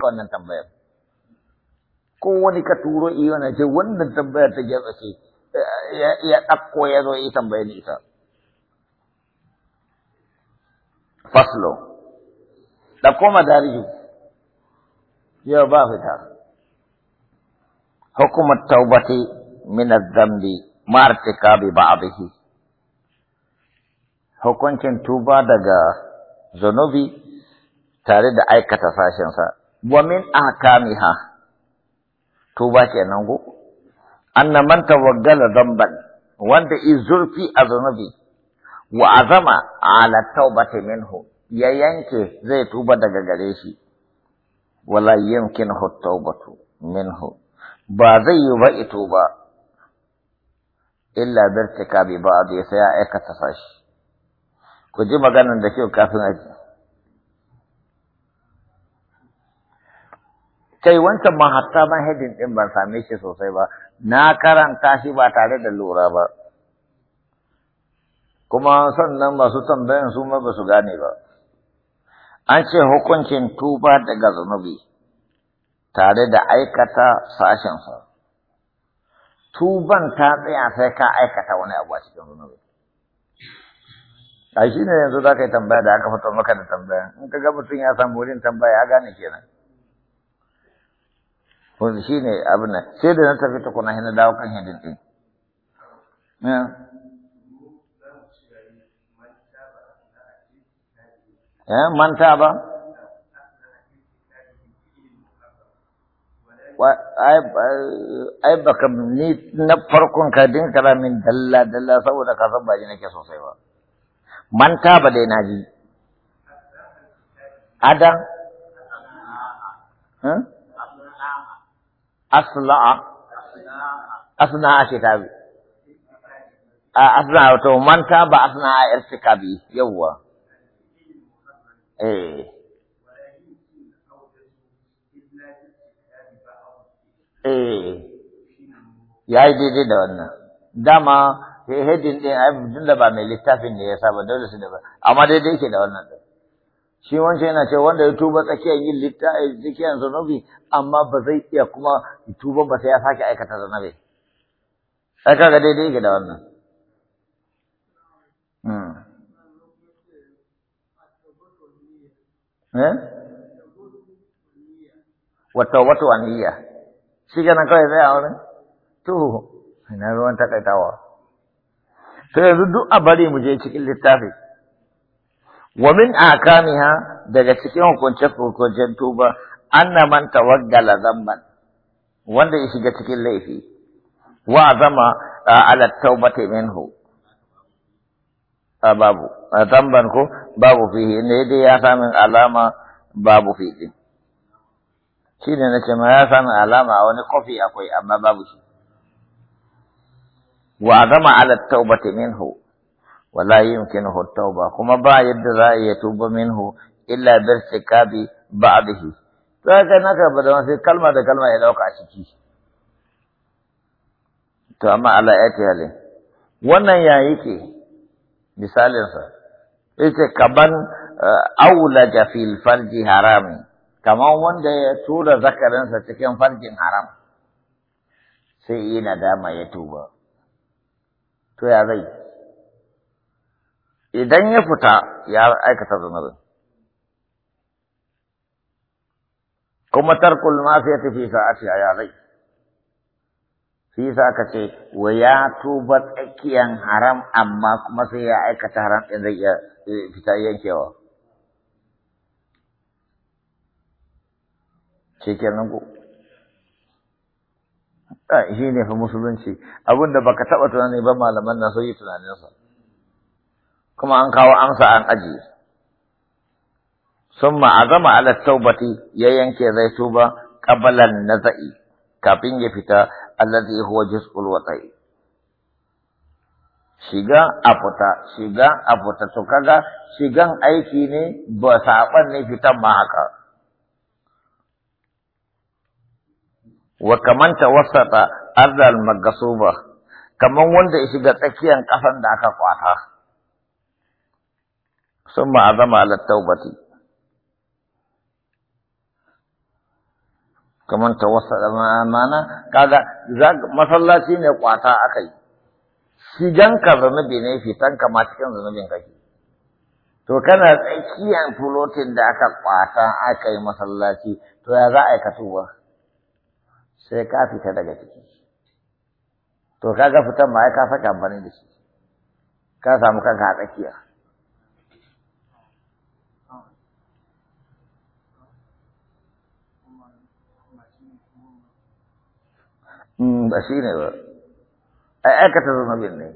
wannan tambayar ko wani ka turo iya na ce wannan tambayar ta gyara ce ya ɗakko ya zo yi tambayar ita faslo ɗauko madariju yau ba fita hukumar taubati min zambi ma ba ba'dihi hukuncin tuba daga zunubi tare da aikata sashensa wa min ahkamiha tuba kenan go anna man tawaggala dhanban wanda a azanabi wa azama ala taubati minhu ya yanke zai tuba daga gare shi wala yumkinuhu taubatu minhu ba zai yi ba ito ba illa birtika bi a sai saya aikata sashi ku ji maganar da kyau kafin aji kai wancan ma hatta ban hedin din ban same shi sosai ba na karanta shi ba tare da lura ba kuma sannan masu tambayan su ma ba su gane ba an ce hukuncin tuba daga zunubi tare da aikata sashen sa tuban ta tsaya sai ka aikata wani abu a cikin zunubi a shi ne yanzu za ka yi tambaya da aka fito maka da tambaya in ka ga mutum ya samu wurin tambaya ya gane kenan wanda shi ne abin nan sai da na tafi ta tukuna na dawo kan hidin ɗin manta ba ai baka ni na farkon ka din kara dalla dalla saboda ka san baji nake sosai ba manta ba dai naji adam ta bi a أصلع أصنع كتابي أصنع تو من تاب أصنع bi yawwa eh eh ya yi daidai da wannan dama hedin din a yi da ba mai littafin ne ya saba dole su da ba amma daidai ke da wannan din shi wancan yana cewa wanda ya tuba tsakiyar yin littafi tsakiyar zunubi amma ba zai iya kuma tuba ba sai ya sake aikata zanubi ai kaga daidai yake da wannan hmm. eh? wata wata waniya shi kenan kawai zai a wurin to ina ruwan takaitawa to yanzu duk a bari mu je cikin littafi wa min akamiha daga cikin hukunce hukuncen tuba anna man tawaggala zamban wanda ya shiga cikin laifi wa zama ala taubati minhu babu zamban ko babu fihi ne dai ya samun alama babu fihi shi ne na ce ma ya samun alama a wani kofi akwai amma babu shi wa zama ala taubati minhu wala yumkinuhu tauba kuma ba yadda za a iya tuba minhu illa bi irtikabi ba'dihi to haka naka ba da sai kalma da kalma ya dauka a ciki to amma ala ayati hali wannan ya yake misalin sa yace kaban eh, aulaja fil farji harami kamar wanda ya tura zakarinsa cikin farjin haram sai yi nadama ya tuba to ya zai idan ya fita ya aikata zunubin kuma tarkul ta fi sa'ati zai, fi sa aka ce wa ya tuba tsakiyan haram amma kuma sai ya aikata haram ɗin zai iya eh, fita yankewa shi shi ne fa musulunci abinda ka taɓa tunani ba malaman na so yi tunaninsa kuma an kawo amsa an ajiye summa azama ala taubati ya yanke zai tuba kabalan naza'i kafin ya fita alladhi huwa jisul wata'i shiga a fita shiga a fita to kaga shigan aiki ne ba saban ne fitan ma haka wa kaman tawassata ardal magasuba kaman wanda ya shiga tsakiyan ƙasan da aka kwata ثم عظم على التوبة كمان توسل معنا كذا زاك masallaci ne kwata akai shiganka zanubi ne fitanka ma cikin zanubin kake to kana tsakiyan fulotin da aka kwata aka yi masallaci to ya za a yi katuwa sai ka fita daga ciki to kaga fitan ma ai ka saka amfani da shi ka samu kanka a tsakiya ba shi ne ba a aikata zunubin ne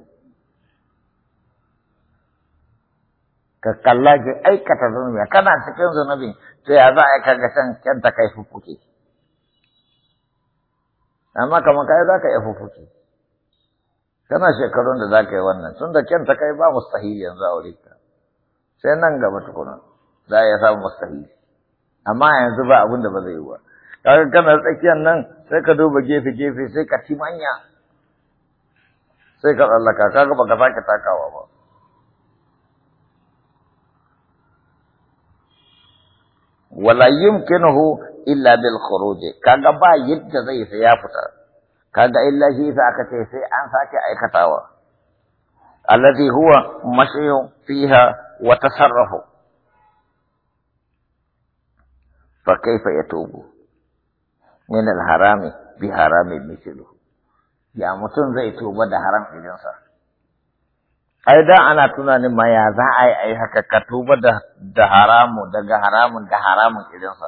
ka kalla ke aikata zunubi kana cikin zunubi to ya za a kaga shan kyanta kai fuffuke amma kamar kai za ka iya fuffuke kana shekarun da za ka yi wannan tun da kyanta kai ba mustahili yanzu a wuri ka sai nan gaba tukuna za a iya samun mustahili amma yanzu ba abin da ba zai yi ba kaga kana tsakiyar nan sai ka duba gefe gefe sai ka ci manya sai ka tsallaka kaga baka sake takawa ba wala yumkinuhu illa bil khuruj kaga ba yadda zai sai ya fita kaga illa shi sai aka ce sai an sake aikatawa alladhi huwa mashyun fiha wa tasarrufu fa kaifa min harami bi harami mislu ya mutum zai tuba da haram idan sa ai da ana tunanin ma ya za a yi ai haka ka tuba da da haramu daga haramun da haramun idan sa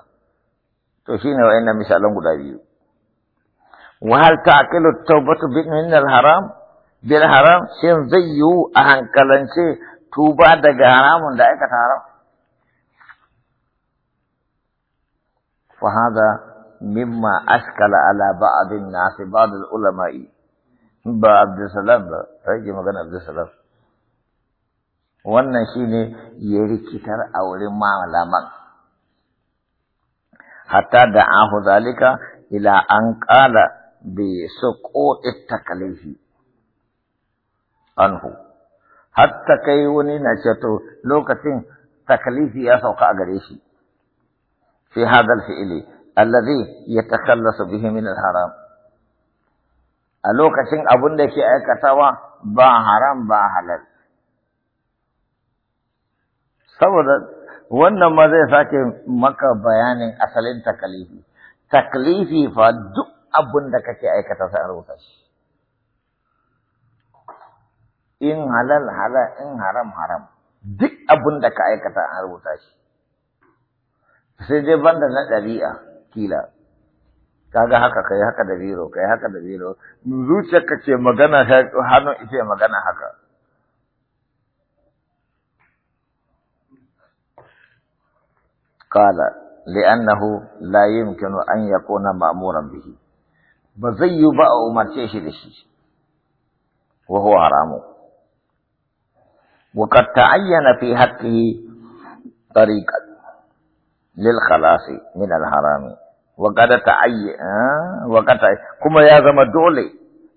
to shine wayannan misalan guda biyu wa hal ta'qilu at-tawbatu min al-haram bil haram shin zai yiwu a hankalance tuba daga haramun da aikata haram fa hada مما أشكل على بعض الناس بعض العلماء بعبد السلام رجي مغان عبد السلام wannan shine ya rikitar a wurin malaman hatta da ahu zalika ila an qala bi suqut taklifi anhu hatta kai wani na ce lokacin takalifi ya sauka gare shi fi hadal fi'ili alladhi yatakhallasu bihi min al-haram a lokacin abun da ke aikatawa ba haram ba halal saboda wannan ma zai sake maka bayanin asalin takalifi takalifi fa duk abun da kake aikata sai an rubuta shi in halal halal in haram haram duk abun da ka aikata an rubuta shi sai dai banda na ɗabi'a kila kaga haka kai haka da biro kai haka da biro zuciyarka ce magana hannu ita magana haka قال لأنه لا يمكن أن يكون مأمورا به بزي بقى أمرتيش لشي وهو حرام وقد تعين في حقه طريقة للخلاص من الحرام وقد تعي آه، وقد كما يا زما دولي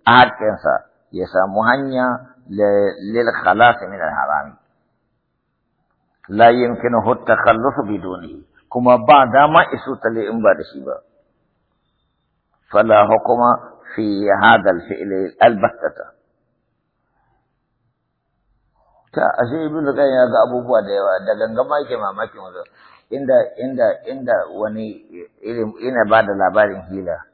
احكنسا يسامو هنيا للخلاص من الحرام لا يمكنه التخلص بدونه كما بعد ما اسوت لي ان بعد شيبا فلا حكم في هذا الفعل البتة ta ashe ibn lukan ya ga abubuwa da yawa da gangama yake mamakin wanda inda inda inda wani irin ina ba da labarin hila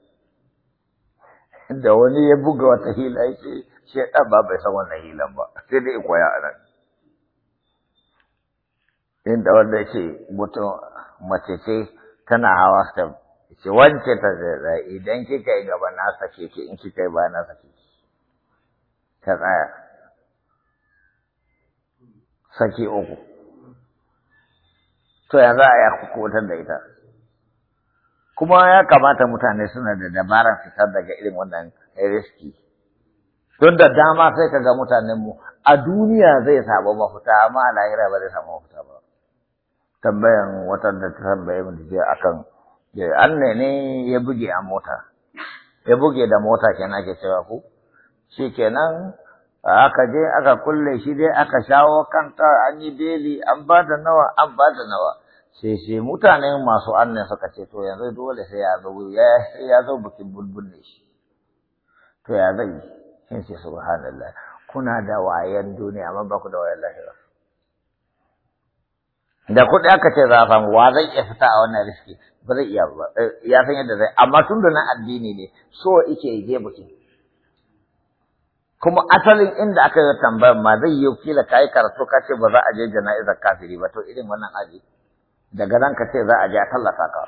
da wani ya buga wata hila ya ce shaidan ba bai san wannan hilan ba sai dai koya a nan inda wanda ya ce mutum mace ce tana hawa ta ce wance ta zai idan kika yi gaba na sake ki in kika yi ba na sake ki ta tsaya sake uku to ya za a ya kubutar da ita kuma ya kamata mutane suna da dabarar fitar daga irin wannan riski don da dama sai ka ga mutanenmu a duniya zai samu mafita amma a lahira ba zai samu mafita ba tambayan watan da ta tambaye mu je akan an ne ya buge a mota ya buge da mota kenan ake cewa ku shi shikenan aka je aka kulle shi dai aka shawo kanta an yi beli an ba da nawa an ba da nawa sai sai mutanen masu annan suka ce to yanzu dole sai ya zo ya zo bikin bulbul ne shi to ya zai sai sai subhanallah kuna da wayan duniya amma ba ku da wayan lahira da kuɗi aka ce za a samu wa zai iya fita a wannan riski ba zai iya ba eh, ya san yadda zai amma tun da na addini ne so ya je bikin kuma asalin inda aka yi tambayar ma zai yi kila ka yi karatu ka ce ba za a je jana'izar kafiri ba to irin wannan aji daga nan ka ce za a je a tallata ka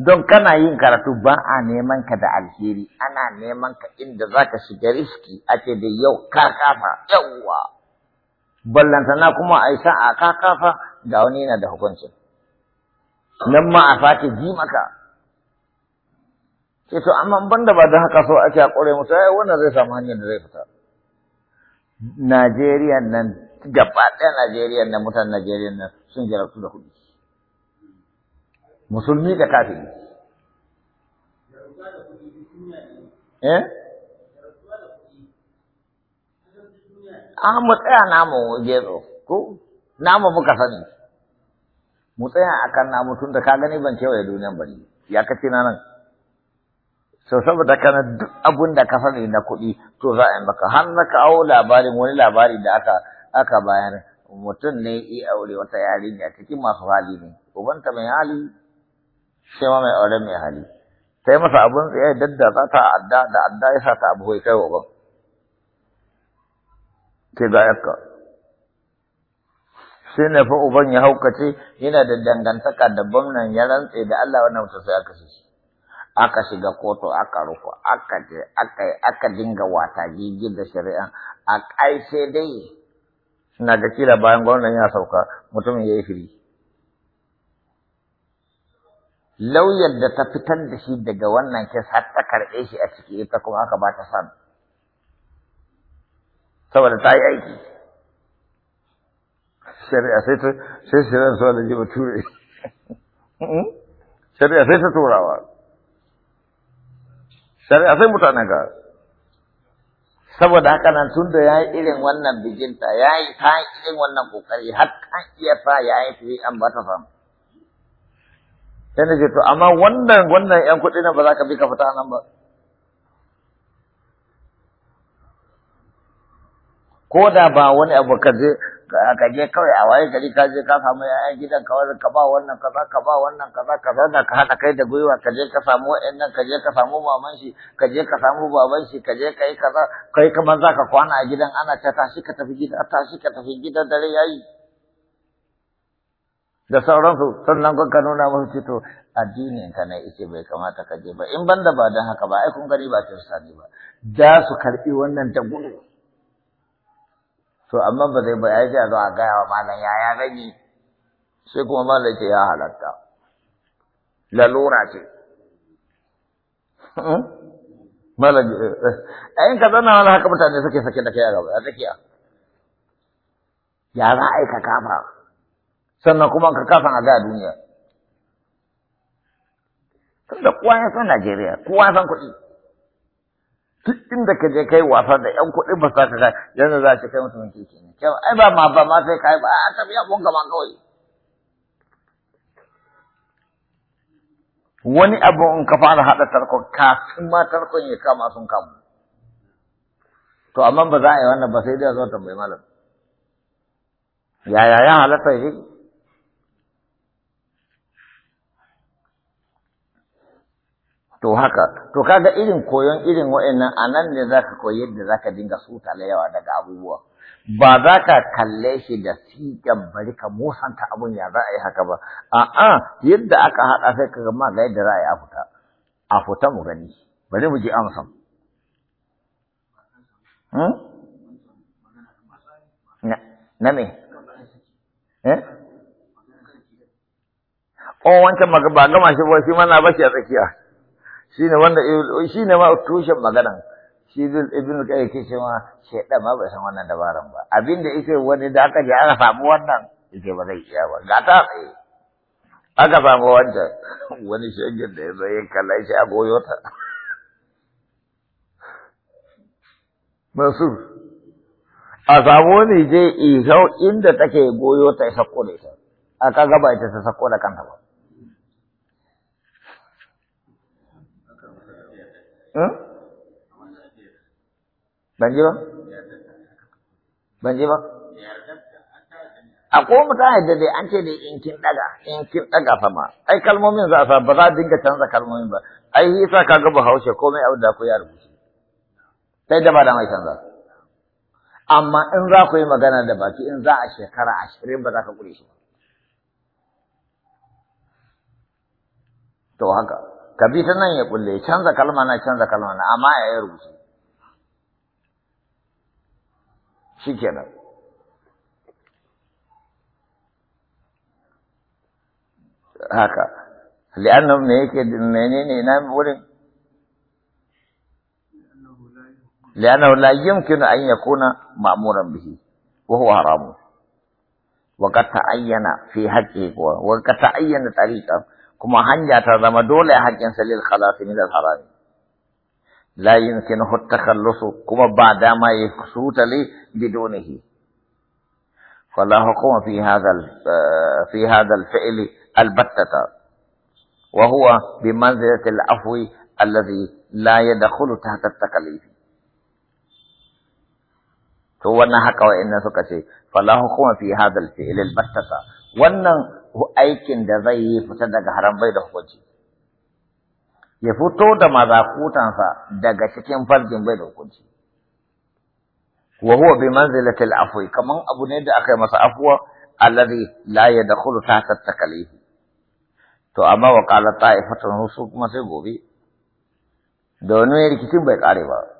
don kana yin karatu ba a neman ka da alheri ana neman ka inda za ka shiga riski a ce da yau ka kafa yawwa ballantana kuma a isa a ka kafa da wani yana da hukuncin nan ma a sake ji maka sai to amma banda ba don haka so ake a kore mutu wannan zai samu hanyar da zai fita Najeriya nan gaba ɗaya Najeriya na mutan Najeriya na sun jarabtu da kuɗi. Musulmi da kafiri. Eh? Ah, mu tsaya namu gero, ko? Namu muka sani. Mu tsaya akan namu tun da ka gani ban kewaye duniyan bari Ya kace na nan. so saboda kana duk abun da ka sani na kuɗi to za a yi maka har na kawo labarin wani labari da aka aka bayar mutum ne i aure wata yarinya cikin masu hali ne ubanta mai hali shi ma mai aure mai hali sai masa abun tsaye za ta adda da adda ya sa ta abu kai wa ban ke ga yakka sai na fi uban ya haukace yana da dangantaka da gwamnan ya rantse da Allah wannan mutum sai aka shi aka shiga kotu aka rufa aka je aka yi, aka dinga wata gigi da shari'a a ƙarshe dai ina ga kila bayan gwamnan ya sauka mutumin ya yi firi lauyar da ta fitar da shi daga wannan kes har ta karɓe shi a ciki ita kuma aka ba ta san saboda ta yi aiki shari'a sai ta sai shari'a su da jima ture hmm? shari'a sai ta turawa shari'a sai mutane ga saboda haka nan tun da ya yi irin wannan bijinta ya yi ta irin wannan kokari har kan iya sa ya yi fi an ba ta samu sai na ce to amma wannan wannan yan kuɗi nan ba za ka bi ka fita nan ba ko da ba wani abu ka je ka je kawai a waye gari ka je ka samu yayan gidan ka wani ka ba wannan kaza ka ba wannan kaza ka zauna ka haɗa kai da gwiwa ka je ka samu wa'annan ka je ka samu maman shi ka je ka samu baban shi ka je ka yi kaza kai kamar za ka kwana a gidan ana ta tashi ka tafi gida tashi ka tafi gida dare yayi da sauransu sannan kun ka nuna musu ce to addinin ka ne ice bai kamata ka je ba in banda ba don haka ba ai kun gari ba ta sani ba da su karɓi wannan da gudu to amma ba zai ba ya zo a gaya wa malam yaya zan yi sai kuma malam ce ya halatta lalura ce malam ayin eh, eh, ka zana wani haka mutane suke sake da kai a gaba ya tsakiya ya za a yi ka kafa sannan kuma ka kafa a gaya duniya tunda kowa ya san Najeriya kowa san kuɗi duk inda ka je kai wasa da yan kuɗin ba sa ka kai yanzu za ka kai mutum ke kenan kyau ai ba ma ba ma sai kai ba a biya abun gaba kawai wani abu in ka fara hada tarkon kafin ma tarkon ya kama sun kamu to amma ba za a yi wannan ba sai dai a zo tambayi malam yaya ya halatta shi to haka to kaga irin koyon irin wa'annan a nan ne zaka koyi yadda zaka dinga da yawa daga abubuwa ba za ka kalle shi da sigan bari ka musanta abun ya za a yi haka ba a'a yadda aka haɗa sai ka ga ga yadda za a yi a fita a fita mu gani bari mu ji amsan hmm? na me eh oh wancan ba gama shi ba shi mana bashi a tsakiya shine wanda shine ma tushen maganan shi ibn kai ke cewa shedan ma bai san wannan dabaran ba abinda yake wani da aka ji aka samu wannan yake ba zai iya ba ga ta tsaye aka samu wanda wani shagin da ya zai kalla shi a goyo ta a samu wani je ihau inda take goyo ta sako da ita aka gaba ita ta sako da kanta ba ban ji ba mutum dai an ce dai daga in daga fama ai kalmomin za a sa ba za a dinga canza kalmomin ba ai yi sa ka ga bahaushe komai abu da ku ya rubuce sai da ba da mai canza amma in za ku yi magana da baki in za a shekara ashirin ba za ka kure shi ba to haka ka bi ta nan ya kulle canza kalma na canza kalma na amma ya yi rubutu shi kenan haka li'annan me yake menene na wurin لأنه لا يمكن أن يكون مأمورا به وهو حرام وقد تعين في حقه وقد تعين طريقه kuma hanya ta zama dole haƙƙinsa lil khalasi min al harami la yumkinuhu takhallusu kuma ba dama ya sutale bidonihi فلا حكم في هذا في هذا الفعل البتة وهو بمنزلة العفو الذي لا يدخل تحت التكليف to wannan haka wa'annan suka ce falahu kuma fi hadal fi'l albattata wannan aikin da zai yi fita daga haram bai da hukunci ya fito da mazakutansa daga cikin farjin bai da hukunci wa huwa bi manzilati al-afwi kaman abu ne da aka masa afwa alladhi la yadkhulu tahta at-takalif to amma wa qala ta'ifatu rusul kuma sai gobe da wani rikicin bai kare ba